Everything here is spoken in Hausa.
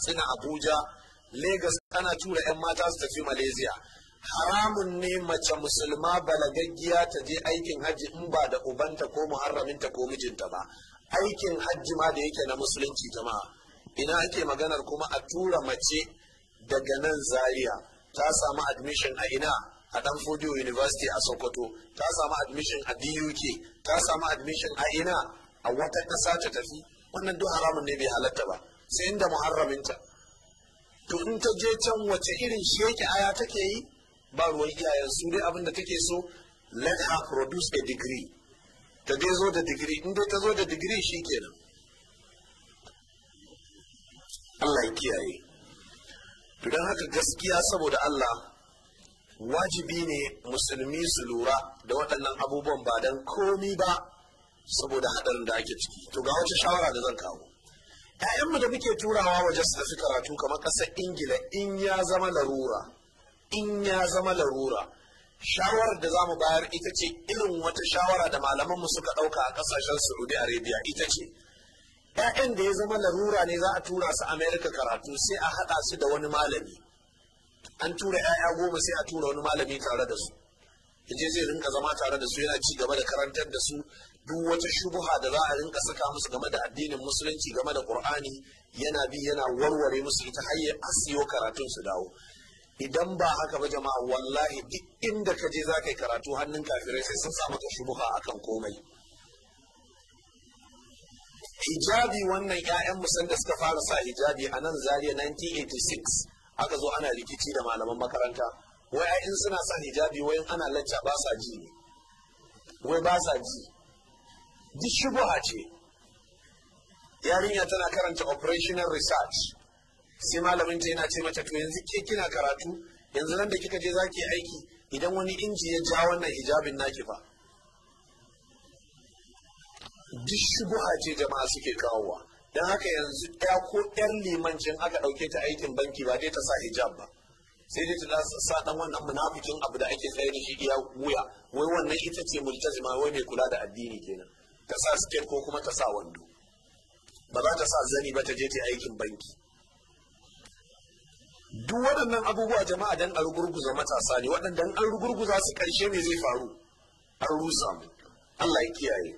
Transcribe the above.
katsina abuja Legas ana tura 'yan mata su tafi malaysia haramun ne mace musulma balagaggiya ta je aikin hajji in ba da ubanta ko muharraminta ko mijinta ba aikin hajji ma da yake na musulunci jama'a ina ake maganar kuma a tura mace daga nan zaria ta samu admission a ina a Danfodio University a Sokoto, ta samu admission a DUK, ta samu admission a ina a wata ƙasa ta tafi, wannan duk haramun ne bai halatta ba. Sayin da muharraminta to in ta je can wace irin sheke aya take yi ba ruwan iyayen su dai abin da take so let her produce a degree ta dai zo da degree, in dai ta zo da digiri kenan. Allah ya kiyaye to don haka gaskiya saboda Allah wajibi ne musulmi su lura da waɗannan abubuwan ba don komi ba saboda haɗarin da ake ciki to ga wata shawara da zan kawo ‘ya'yanmu da muke turawa waje su tafi karatu kamar ƙasar ingila in ya zama larura in ya zama larura shawarar da za mu bayar ita ce irin wata shawara da malamanmu suka ɗauka a ƙasashen saudi arabia ita ce ‘ya'yan da ya zama larura ne za a tura su amerika karatu sai a haɗa su da wani malami an tura ‘ya'ya goma sai a tura wani malami tare da su Kaje zai rinka zama tare da su yana ci gaba da karantar da su duk wata shubuha da za a rinka saka musu game da addinin musulunci game da qur'ani yana bi yana warware musu ita har ya asiyo karatun su dawo idan ba haka ba jama'a wallahi duk inda ka je za ka yi karatu hannun kafirai sai sun samu shubuha akan komai hijabi wannan 'ya'yan sanda suka fara sa hijabi a nan zariya 1986 aka zo ana rikici da malaman makaranta wai in suna sa hijabi wai ana lacca ba sa ji ne wai ba sa ji duk shubuha ce yarinya tana karanta operational research sai malamin ta yana ce mata to yanzu ke kina karatu yanzu nan da kika je za ki aiki idan wani inji ya ja wannan hijabin naki fa duk shubuha ce jama'a suke kawowa don haka yanzu ya ko 'yan limancin aka ɗauke ta aikin banki ba dai ta sa hijab ba sai dai tana sa dan wannan munafikin abu da ake tsaye da shi iya wuya wai wannan ita ce multazima wai mai kula da addini kenan ta sa siket ko kuma ta sa wando ba za ta sa zani ba ta je ta aikin banki duk waɗannan abubuwa jama'a dan a rugurguza matasa ne waɗanda an rugurguza su karshe ne zai faru an rusa mu Allah ya kiyaye